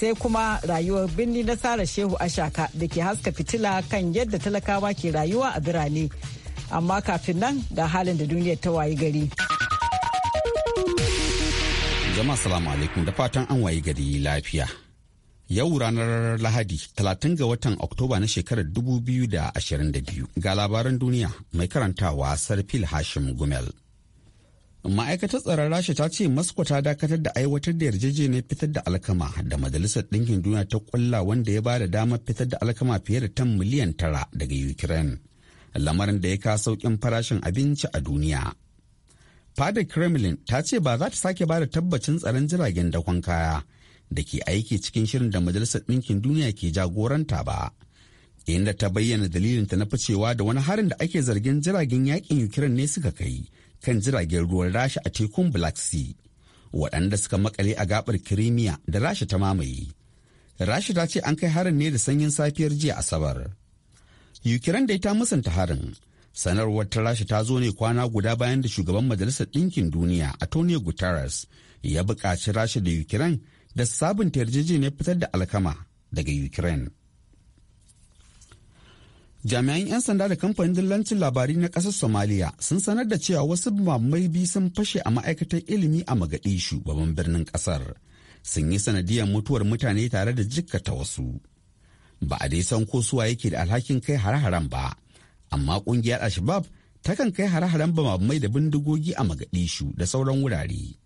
sai kuma rayuwar birni na sare Shehu Ashaka da ke haska fitila kan yadda talakawa ke rayuwa a birane. Amma kafin nan ga halin da duniyar ta wayi gari. Jama'a salamu alaikum da fatan an wayi gari lafiya. Yau ranar Lahadi 30 ga watan Oktoba na shekarar 2022 ga labaran duniya mai karantawa Sarfil Hashim Gumel. ma'aikatar tsaron rasha ta ce moscow ta dakatar da aiwatar da yarjejeniyar fitar da alkama da majalisar ɗinkin duniya ta kulla wanda ya ba da damar fitar da alkama fiye da tan miliyan tara daga ukraine lamarin da ya ka saukin farashin abinci a duniya fadar kremlin ta ce ba za ta sake ba da tabbacin tsaron jiragen dakon kaya da ke aiki cikin shirin da majalisar ɗinkin duniya ke jagoranta ba inda ta bayyana dalilinta na ficewa da wani harin da ake zargin jiragen yakin ukraine ne suka kai kan jiragen ruwan rasha a tekun black sea waɗanda suka makale a gabar kirimiya da rasha ta mamaye rasha ta ce an kai harin ne da sanyin safiyar jiya asabar ukraine da ta musanta harin sanarwar ta rasha ta zo ne kwana guda bayan da shugaban majalisar ɗinkin duniya a tony guterres ya buƙaci rasha da ukraine da sabunta yarjejeniyar fitar da alkama daga ukraine jami'an 'yan sanda da kamfanin dillancin labari na ƙasar somaliya sun sanar da cewa wasu mamai biyu sun fashe a ma'aikatar ilimi a magadishu babban birnin ƙasar sun yi sanadiyar mutuwar mutane tare da jikkata wasu ba a dai san ko suwa yake da alhakin kai hare-haren ba amma ƙungiyar alshabab takan kai hare-haren mai da bindigogi a magadishu da sauran wurare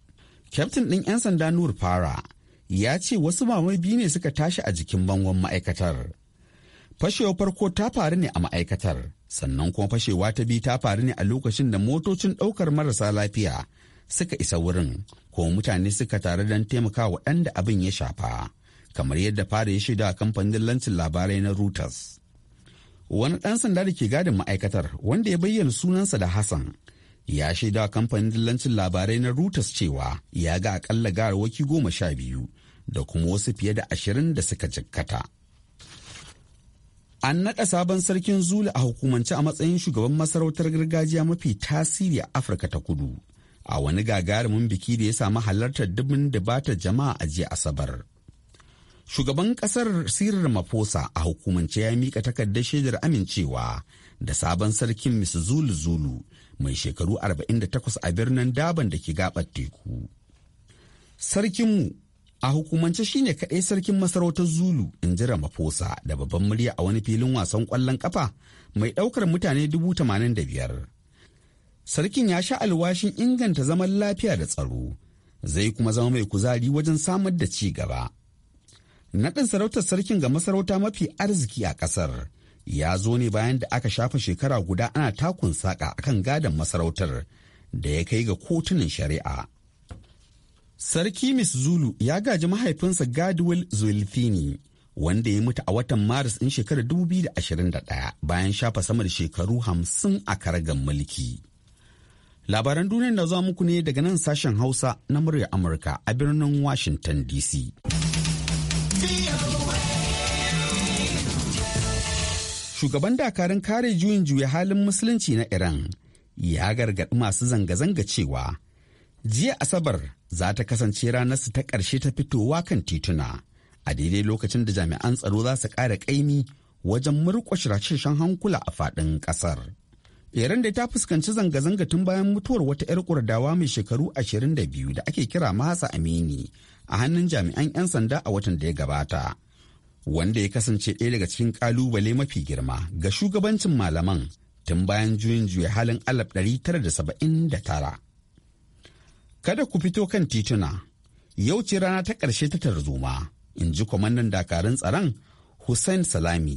kyaftin ɗin 'yan sanda nur fara ya ce wasu mamai biyu ne suka tashi a jikin bangon ma'aikatar Fashewar farko ta faru ne a ma'aikatar, sannan kuma fashewa ta biyu ta faru ne a lokacin da motocin ɗaukar marasa lafiya suka isa wurin, ko mutane suka tare don taimaka waɗanda abin ya shafa, kamar yadda fara ya shaida kamfanin lancin labarai na Reuters. Wani ɗan sanda da ke gadin ma'aikatar wanda ya bayyana sunansa da Hassan ya shaida kamfanin lancin labarai na Reuters cewa ya ga akalla garawaki goma sha biyu da kuma wasu fiye da ashirin da suka jikkata. An naɗa sabon sarkin Zulu a hukumance a matsayin shugaban masarautar gargajiya mafi tasiri a Afirka ta kudu. A wani gagarumin biki da ya samu halartar dubin ta jama'a a jiya Asabar. Shugaban ƙasar Sirir Mafosa a hukumance ya mika takardar shaidar amincewa da sabon sarkin Mr Zulu Zulu mai shekaru 48 a birnin Daban da ke gabar teku. Sarkinmu A hukumance shine kaɗai sarkin masarautar Zulu in ji Ramaphosa da babban murya a wani filin wasan ƙwallon ƙafa mai ɗaukar mutane dubu tamanin da biyar. Sarkin ya sha alwashin inganta zaman lafiya da tsaro, zai kuma zama mai kuzari wajen samar da ci gaba. Naɗin sarautar sarkin ga masarauta mafi arziki a ƙasar ya zo ne bayan da aka shafa shekara guda ana takun saƙa akan gadon masarautar da ya kai ga kotunan shari'a. Sarki Miss Zulu ya gaji mahaifinsa Gadwell Zulfini wanda ya mutu a watan Maris ɗin shekarar 2021 bayan shafa sama shekaru hamsin a karagar mulki. Labaran duniyar na zuwa muku ne daga nan sashen Hausa na murya Amurka a birnin Washington DC. Shugaban dakarun kare juyin juya halin musulunci na Iran ya gargaɗi masu zanga-zanga cewa Jiya Asabar za ta kasance ranar su ta ƙarshe ta fitowa kan tituna a daidai lokacin da jami'an tsaro za su ƙara ƙaimi wajen murƙushe shan hankula a faɗin ƙasar. Iran da ta fuskanci zanga-zanga tun bayan mutuwar wata 'yar kurdawa mai shekaru ashirin da biyu da ake kira Mahasa Amini a hannun jami'an 'yan sanda a watan da ya gabata. Wanda ya kasance ɗaya daga cikin ƙalubale mafi girma ga shugabancin malaman tun bayan juyin juya halin ɗari tara da da saba'in tara. kada ku fito kan tituna yau ce rana ta ƙarshe ta tarzoma in ji kwamandan dakarun tsaron hussein salami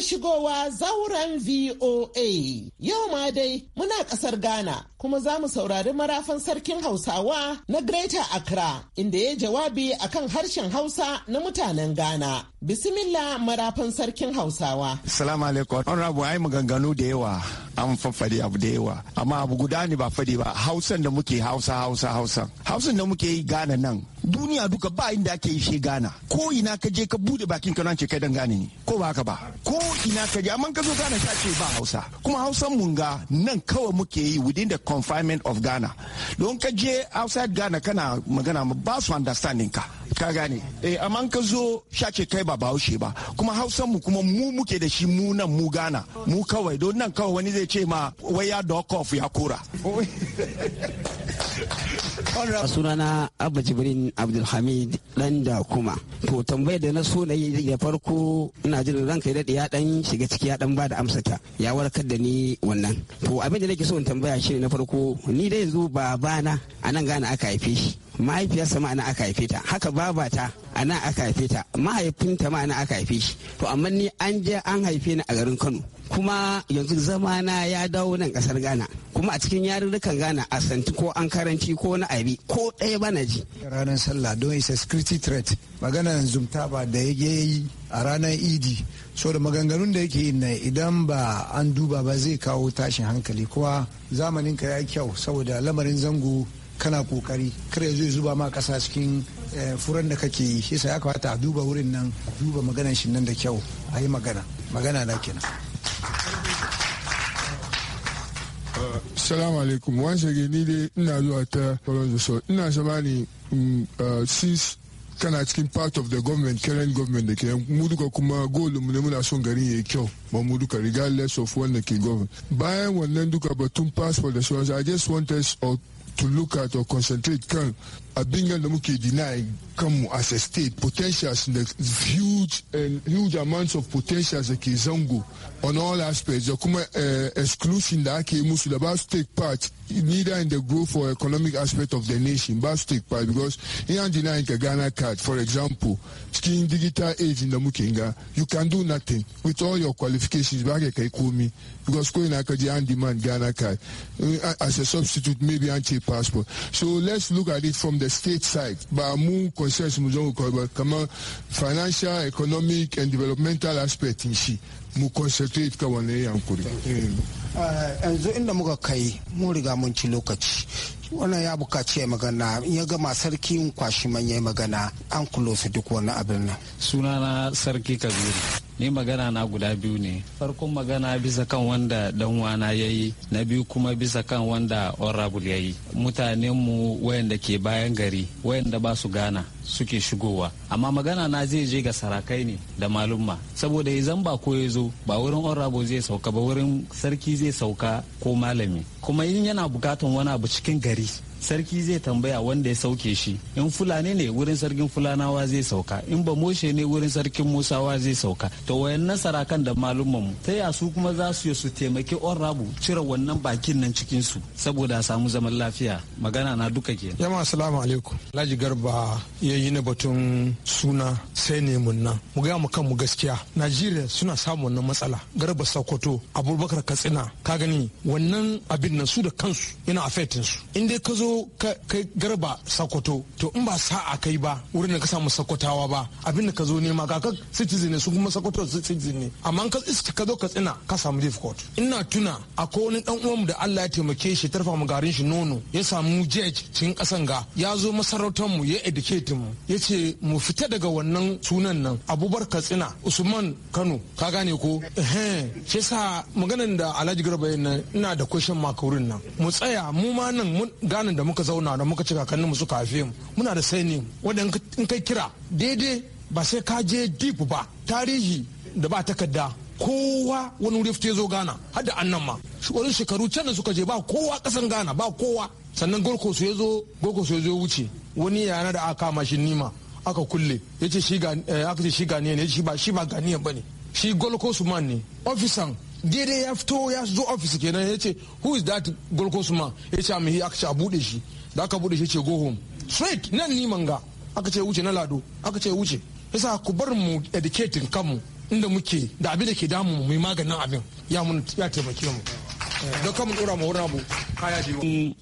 sake shigowa zauren VOA. Yau ma dai muna ƙasar Ghana kuma za mu saurari marafan sarkin Hausawa na Greater Accra inda ya jawabi akan harshen Hausa na mutanen Ghana. Bismillah marafan sarkin Hausawa. Salamu alaikum. Honorable ai maganganu da yawa. an faffade abu da yawa amma abu guda ne ba fadi ba hausan da muke hausa hausa hausa hausan da muke yi gana nan duniya duka ba inda ake yi shi gana ko ina ka je ka bude bakin ka ce kai dan gane ne ko ba haka ba ko ina ka je amma ka zo gana sha ce ba hausa kuma hausan mun ga nan kawai muke yi within the confinement of Ghana don ka je outside Ghana kana magana ba su understanding ka ka gane eh amma ka zo shace kai ba bahaushe ba kuma hausan mu kuma mu muke da shi mu nan mu gana mu kawai don nan kawai wani zai ce ma wai ya dock off ya kora sunana abba jibrin abdulhamid dan da kuma to tambayar da na so na yi da farko ina jin ranka ya daɗe ya dan shiga ciki ya dan bada amsa ta ya warkar da ni wannan to abin da nake so in tambaya shi na farko ni dai yanzu babana a nan gana aka haife shi mahaifiyarsa ma ana aka haife ta haka babata ana aka haife ta mahaifinta ma ana aka haife shi to amma ni an je an haife ni a garin Kano kuma yanzu zama na ya dawo nan kasar Ghana kuma a cikin yarurrukan Ghana a santi ko an karanci ko na abi ko ɗaya bana ji ranar sallah don isa security threat magana zumta ba da ya yi a ranar idi so da maganganun da yake na idan ba an duba ba zai kawo tashin hankali kuma zamanin ka ya kyau saboda lamarin zango kana kokari kar ya zo zuba ma kasa cikin eh, furan da kake yi shi ya kamata a duba wurin nan duba maganan shi nan da kyau a yi magana magana na kenan Salamu alaikum, wan shage ni dai ina zuwa ta Faransa so ina sama ne mm, uh, since kana cikin part of the government current government da ke mu duka kuma golin mu ne muna son garin yayi kyau ba mu duka regardless of wanda ke govern bayan wannan duka batun passport da sauransu i just want us to look at or concentrate kan abin da muke deny come as a state potentials da huge and huge amounts of potentials da ke zango on all aspects The euh, kuma exclusion that ake musu da ba take part neither in the growth or economic aspect of the nation But take part because he an denying the Ghana card for example cikin digital age in the ga you can do nothing with all your qualifications ba ka kai komi because going ina the demand Ghana card uh, as a substitute maybe anti passport so let's look at it from da state side ba mu concerns mu zo ba kamar financial economic and developmental aspect shi mu concentrate ka wannan yankuri uh, yanzu inda muka kai mun riga mun ci lokaci wannan ya bukaci ya magana ya gama sarkin kwashi manya magana an kulosa duk wani abin nan sunana sarki kabiru ni magana na guda biyu ne farkon magana bisa kan wanda dan wana ya yi na biyu kuma bisa kan wanda honorable ya yi mutanenmu wayanda ke bayan gari wayanda ba su gana suke shigowa amma magana na zai je ga sarakai ne da malumma saboda zan ba ko ya zo ba wurin honorable zai sauka ba wurin sarki zai sauka ko malami kuma in yana bukatan wani abu cikin gari gris. sarki zai tambaya wanda ya sauke shi in fulani ne wurin sarkin fulanawa zai sauka in ba moshe ne wurin sarkin musawa zai sauka to nasara kan da malumman mu ta ya su kuma za su su taimaki orabu cire wannan bakin nan cikin su saboda a samu zaman lafiya magana na duka ke yamma assalamu alaikum laji garba ya yi na batun suna sai ne mun nan mu ga mu kan mu gaskiya najeriya suna samun wannan matsala garba sokoto abubakar katsina ka gani wannan abin nan su da kansu yana affecting su in dai ka zo ka kai garba sakoto to in ba sa'a kai ba wurin da ka samu sakotawa ba abin da ka zo nema ga ka citizen ne su kuma sakoto citizen ne amma ka iska ka zo ka tsina ka samu difficult ina tuna akwai wani dan uwanmu da Allah ya taimake shi tarfa mu garin shi nono ya samu jej cikin kasan ga ya zo masarautar mu ya educate mu ya ce mu fita daga wannan sunan nan Abubakar Katsina Usman Kano ka gane ko eh shi sa maganan da Alhaji Garba yana ina da question mark wurin nan mu tsaya mu ma nan mun gane da muka zauna da muka ci mu suka haife mu muna da sani wanda in kai kira daidai ba sai ka je deep ba tarihi da ba takarda kowa wani wuri ya zo gana har da annan ma wani shekaru can da suka je ba kowa kasan gana ba kowa sannan gorko ya zo gorko su ya zo wuce wani yana da aka kama shi nima aka kulle ya ce shi ganiya eh, ne shi ba shi ba ganiya ba ne shi golko man ne ofisan daidai ya fito ya zo ofis kenan ya ce who is that golkos ma ya ce amihi ah, aka ce a bude shi da aka bude shi ce go home straight nan ni manga aka ce wuce na lado aka ce wuce yasa ku bar mu educating kanmu inda muke da abin da ke damu mu maganin abin ya mun ya taimake mu don kamun dora mu wurin abu eh,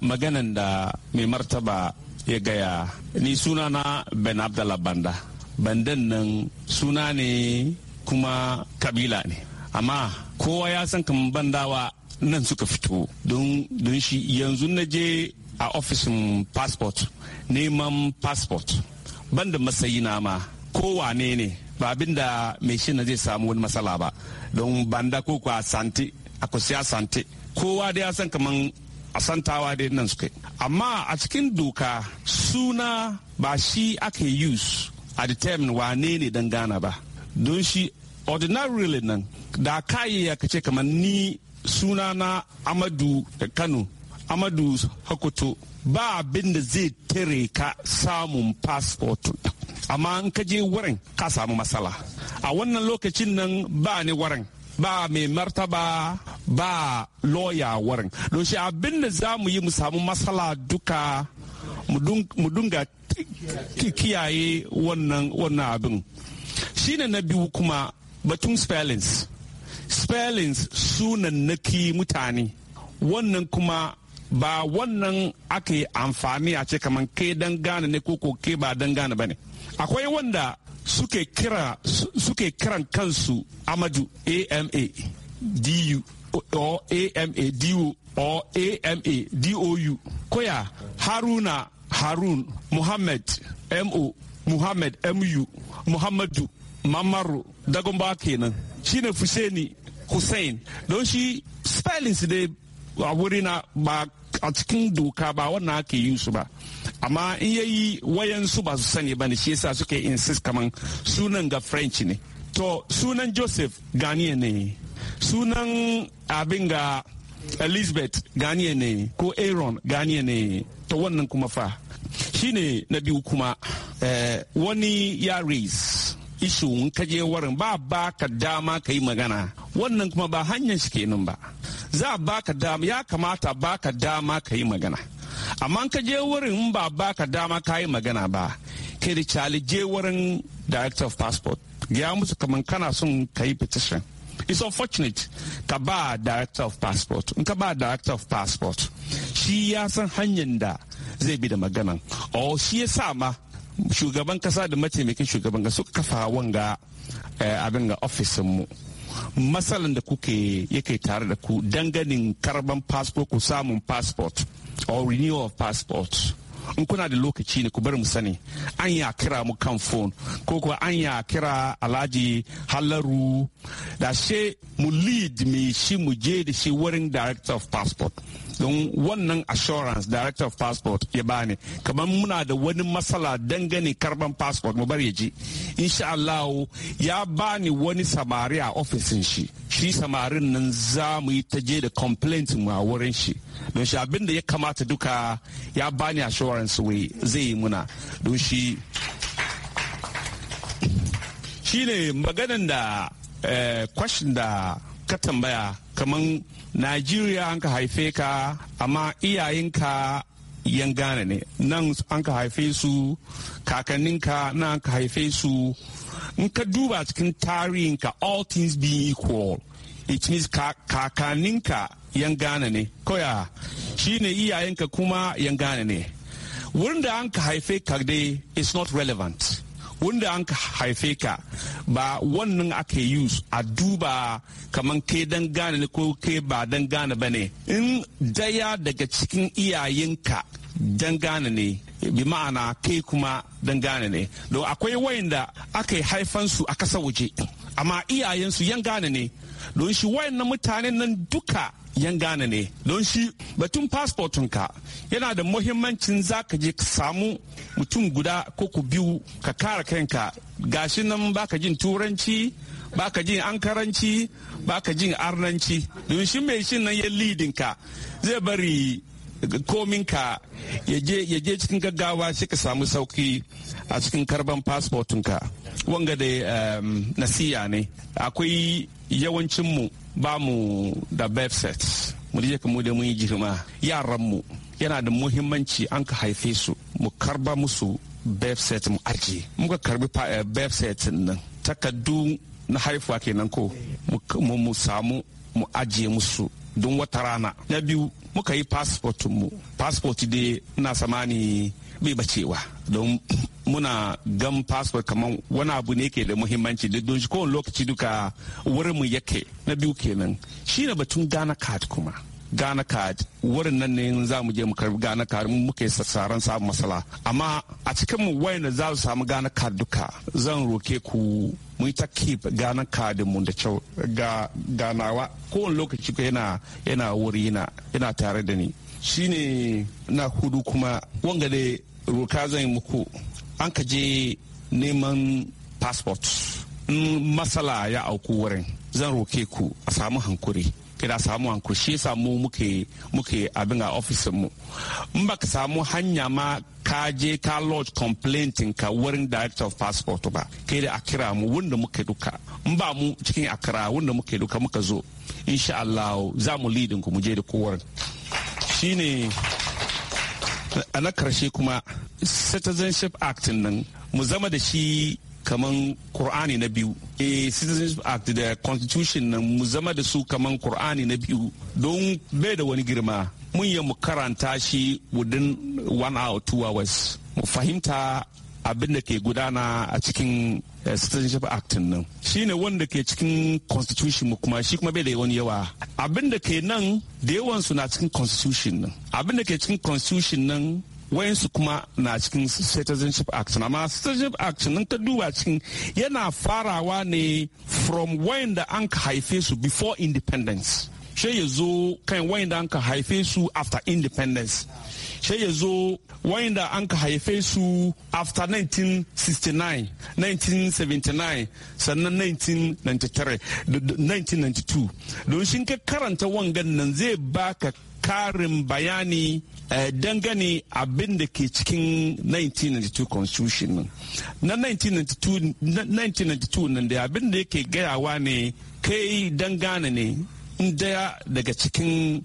maganan da mai martaba ya gaya ni suna na ben abdallah banda bandan nan suna ne kuma kabila ne amma kowa ya san kamar bandawa nan suka fito don shi yanzu na je a ofishin passport neman passport banda masayi na ma kowane ne ba abin da mai shi na zai samu wani matsala ba don banda ko a sante a kusa sante kowa da ya san kaman asantawa da nan suka amma a cikin doka suna ba shi aka use a determine wane ne don gana ba don shi ordinarily nan da kayi ya kace kamar ni suna na amadu da kano amadu hakoto ba abin da zai tare ka samun passport amma an kaje wurin ka samu matsala a wannan lokacin nan ba ni wurin ba mai martaba ba lawyer wurin don shi abin da za mu yi mu samu matsala duka mu dunga kiyaye wannan abin shine na biyu kuma batun spellings spellings sunannaki mutane wannan kuma ba wannan aka yi amfani a ce kamar ke dan gane ne ko ke ba dan gane ba ne akwai wanda suke kira suke kiran kansu amadu ama du or ama du or ama dou koya haruna harun muhammad mo muhammad mu muhammadu mamaru dagomba kenan shine fuseni hussein don shi spellings dai a wuri na ba a cikin doka ba wannan ake yin su ba amma in yayi wayansu ba su sani ba ne shi yasa suka yi insist kaman sunan ga french ne to sunan joseph ganiya ne sunan abin ga elizabeth ganiya ne ko aaron ganiya ne to wannan kuma fa shine na biyu kuma eh, wani ya race ishu in ka je wurin ba ba ka dama ka yi magana wannan kuma ba hanyar shi kenan ba za ba ka dama ya kamata ba ka dama ka yi magana amma ka je wurin ba ba ka dama ka yi magana ba kai da cali je wurin director of passport ya musu kamar kana son ka yi petition it's unfortunate ka ba director of passport in ka ba director of passport shi ya san hanyar da zai bi da magana o shi ya sa ma shugaban kasa da mataimakin shugaban kasa suka kafa wanga eh, abin ga ofisin mu matsalan da kuke yake tare da ku danganin karban passport ku samun passport or renewal of passport in kuna da lokaci ne ku bari mu sani an ya kira mu kan phone ko kuwa an ya kira alhaji halaru da she mu lead me shi mu je da shi wurin director of passport don wannan assurance director of passport ya bani kamar muna da wani matsala dangane karban passport mu bari ya ji insha Allah ya bani wani samari a ofisin shi shi samarin nan za mu yi ta je da complaint mu a wurin shi don shi abin ya kamata duka ya bani assurance wai zai yi muna don shi shine maganan da eh, question da ka tambaya kamar Najeriya an ka haife ka amma iyayenka yan gane ne nan an ka haife su kakanninka nan an ka haife su in ka duba cikin tarihinka all things being equal it means kakanninka yan gane ne koya shine iyayenka kuma yan gane ne wurin da an ka haife ka dai is not relevant wanda an haife ka ba wannan ake yi a duba kamar kai dan gane ko kai ba dan gane ba ne in daya daga cikin iyayenka dan gane ne bi ma'ana kai kuma dan gane ne don akwai wayanda aka haifan su a kasa waje amma iyayensu yan gane ne don shi wayannan mutanen nan duka yan gane ne don shi batun fasfotinka yana da muhimmancin za ka je ka samu mutum guda ko ku biyu ka kara kanka gashi nan baka jin turanci baka jin ankaranci baka jin arnanci domin shi mai shin nan ya lidinka zai bari kominka ya je cikin gaggawa sai ka samu sauki a cikin karban fasfotinka wanga da ehm, nasiya ne akwai yawancinmu ba mu da bebset mu je ka mu da mun yi girma yaranmu yana da muhimmanci an ka haife su mu karba musu birth mu ajiye muka karbi birth eh, nan takaddu na haifuwa kenan ko mu samu mu ajiye musu don wata rana na biyu muka yi passport mu passport dai na samani bai bacewa don muna gan passport kamar wani abu ne ke da muhimmanci da don shi kowane lokaci duka wurin mu yake na biyu kenan shi ne batun gana card kuma Ghana card wurin nan ne za mu je mu karbi Ghana card mu muke sassaran samun masala amma a cikin mu wayanda za su samu Ghana card duka zan roke ku mu ta keep Ghana card mu da kyau ga ganawa kowane lokaci yana yana wuri yana yana tare da ni shine na hudu kuma wanga da roka zan yi muku an ka je neman passport in masala ya auku wurin zan roke ku a samu hankuri kira samu an shi samu muke muke abin a ofisin mu in baka samu hanya ma ka je ka lodge complaint ka wurin director of passport ba kai da akira mu wanda muke duka in ba mu cikin akira wanda muke duka muka zo insha Allah za mu lead ku mu je da kowar shine a na karshe kuma citizenship act nan mu zama da shi kaman Kur'ani na biyu. E Citizens Act da Constitution nan mu zama da su kaman Kur'ani na biyu don bai da wani girma. Mun yi mu karanta shi within one hour two hours. Mu fahimta abin da ke gudana a cikin eh, citizenship act nan shine wanda ke cikin constitution mu kuma shi kuma bai da wani yawa abin da ke nan da yawan na cikin constitution nan abin da ke cikin constitution nan wayansu kuma na cikin citizenship act amma citizenship act nan ka duba cikin yana farawa ne from wayanda an ka haife su before independence she ya zo kan wayanda an ka haife su after independence she ya zo wayanda an ka haife su after 1969 1979 sannan 1993 1992 don shi ka karanta wangan nan zai baka karin bayani eh, dangane abin da ke cikin 1992 constitution nan na 1992 nan da abin da yake gayawa ne kai dangane ne daya daga cikin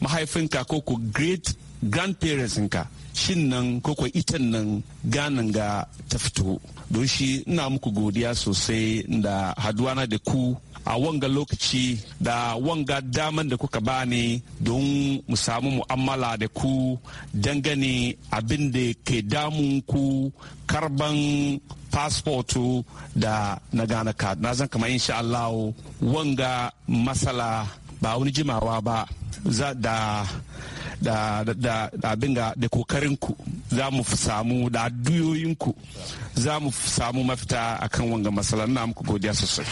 mahaifinka ko ko great grandparents ka shin nan ko ko itan nan ganin ga ta fito don shi ina muku godiya sosai da haduwana da ku a wanga lokaci da wanga daman da kuka bani don mu samu mu'amala da ku dangane abin da ke damun ku karban fasfotu da na gana ka na zan kama insha Allah wanga masala ba wani jimawa ba za da da da abin da kokarinku za mu samu da duyoyinku za mu samu mafita akan wanga masala na muku godiya sosai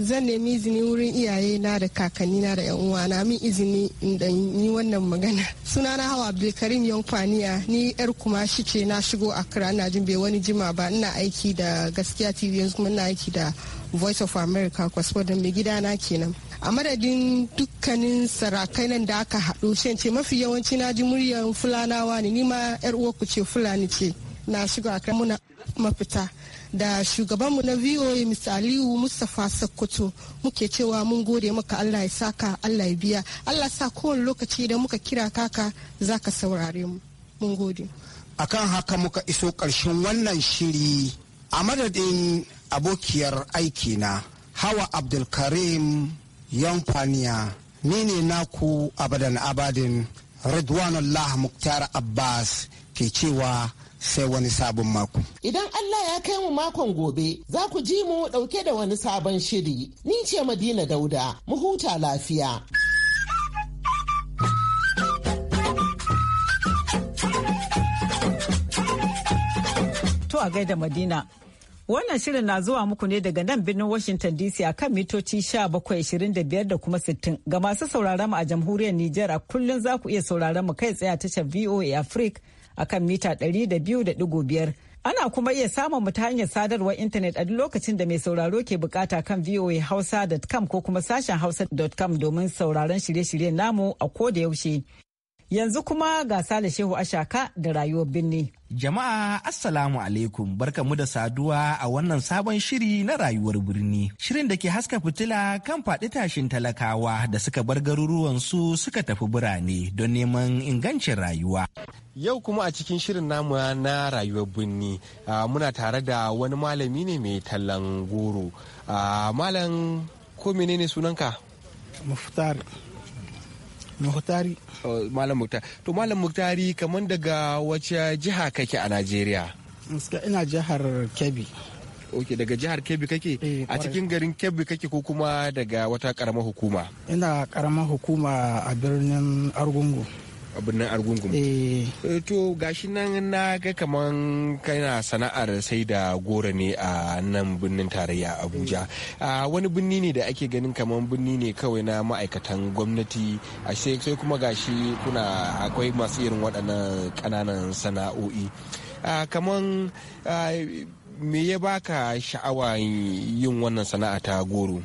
zan nemi izini wurin iyaye na da kakanni na da yan uwa na min izini in dan yi wannan magana suna na hawa abdulkarim kwaniya ni yar kuma shi ce na shigo kira ina jin bai wani jima ba ina aiki da gaskiya tv yanzu kuma ina aiki da voice of america kwaspodin mai gida na kenan a madadin dukkanin sarakai nan da aka haɗu shan ce mafi yawanci na ji muryar fulanawa ne ma yar uwa ku ce fulani ce na shigo kira muna mafita da shugabanmu na VOA Mr. Aliyu Mustapha Sokoto muke cewa mun gode maka Allah ya saka Allah ya biya Allah sa kowane lokaci da muka kira kaka zaka saurare mu mun gode. Akan haka muka iso ƙarshen wannan shiri a madadin abokiyar aiki na, Hawa Abdulkarim Yanfaniya ni ne naku abadan abadin Ridwanullah Muktar Abbas ke cewa sai wani sabon mako. Idan Allah ya kai mu makon gobe za ku ji mu ɗauke da wani sabon shiri. Ni ce Madina Dauda, mu huta lafiya. To a gaida Madina. Wannan shirin na zuwa muku ne daga nan birnin Washington DC a kan mitoci 1725 da kuma 60. Ga masu sauraron mu a jamhuriyar Nijar a kullum za ku iya sauraron mu kai tsaye a tashar VOA Africa a kan mita 200.5. Ana kuma iya samun mu ta hanyar sadarwar intanet a duk lokacin da mai sauraro ke bukata kan voahausa.com ko kuma sashen hausa.com domin sauraron shirye-shiryen namu a ko da yaushe. Yanzu kuma gasa da Shehu Ashaka da rayuwar binni. Jama'a Assalamu alaikum barkamu da saduwa a wannan sabon shiri na rayuwar birni. Shirin da ke haska fitila kan faɗi tashin talakawa da suka bar garuruwan su suka tafi birane don neman ingancin rayuwa. Yau kuma a cikin shirin namu na rayuwar birni muna tare da wani malami ne mai tallan goro. Malam ko menene sunanka? Muftar. Muhtari. Oh, Malam Muhtari. To Malam muktari kamar daga wace jiha kake a Najeriya? Ina jihar Kebbi. Ok daga jihar Kebbi kake? Eh, a cikin garin Kebbi kake ko kuma daga wata karamar hukuma? Ina karamar hukuma a birnin Argungu. a birnin argungun eh. eh, to gashi nan na ga kaman kana sana'ar sai da goro ne a nan birnin tarayya abuja mm. ah, wani birni ne da ake ganin kaman birni ne kawai na ma'aikatan gwamnati a ah, sai kuma gashi kuna akwai masu irin waɗannan ƙananan sana'o'i ah, kaman me ya baka sha'awa yin wannan sana'a ta goro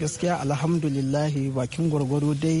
gaskiya alhamdulillahi bakin gwargwaro dai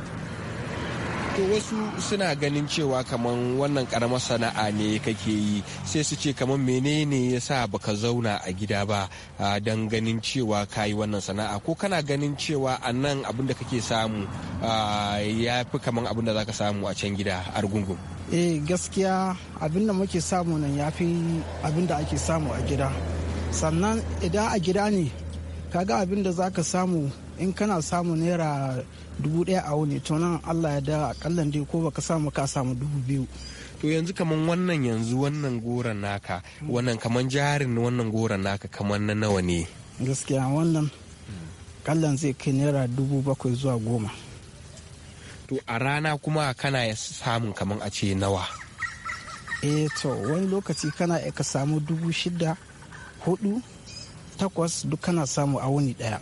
to wasu suna ganin cewa kamar wannan karamar sana'a ne kake yi sai su ce kamar menene ya sa baka zauna a gida ba don ganin cewa ka yi wannan sana'a ko kana ganin cewa a nan abin da kake samu ya fi kamar abin da zaka samu a can gida a rugungun eh gaskiya abin da muke samu nan ya fi abin da ake samu a gida sannan idan a gida ne kaga abin da zaka samu in kana samu naira dubu daya a wuni to nan allah ya da akallan dai ko baka samu ka samu dubu biyu to yanzu kaman wannan yanzu wannan goron naka wannan kaman jarin wannan goron naka kaman na nawa ne gaskiya wannan kallan zai kai naira dubu bakwai zuwa goma to a rana kuma kana ya samun kaman a ce nawa eh to wani lokaci kana ka samu dubu shida hudu takwas duk kana samu a wuni daya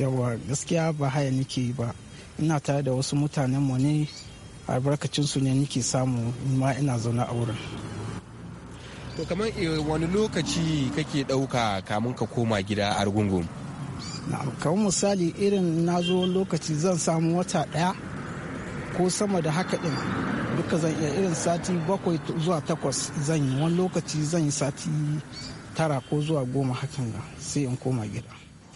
yawa gaskiya ba haya nike ba ina tare da wasu mutanen mu ne albarkacin su ne nike samu ma ina zaune a wurin to kamar eh, wani lokaci kake ɗauka kamun ka koma gida a rugungun kamar misali irin na zo lokaci zan samu wata ɗaya ko sama da haka ɗin duka zan iya irin sati bakwai zuwa takwas zan yi wani lokaci zan yi sati tara ko zuwa goma hakan sai in koma gida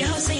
da Hausa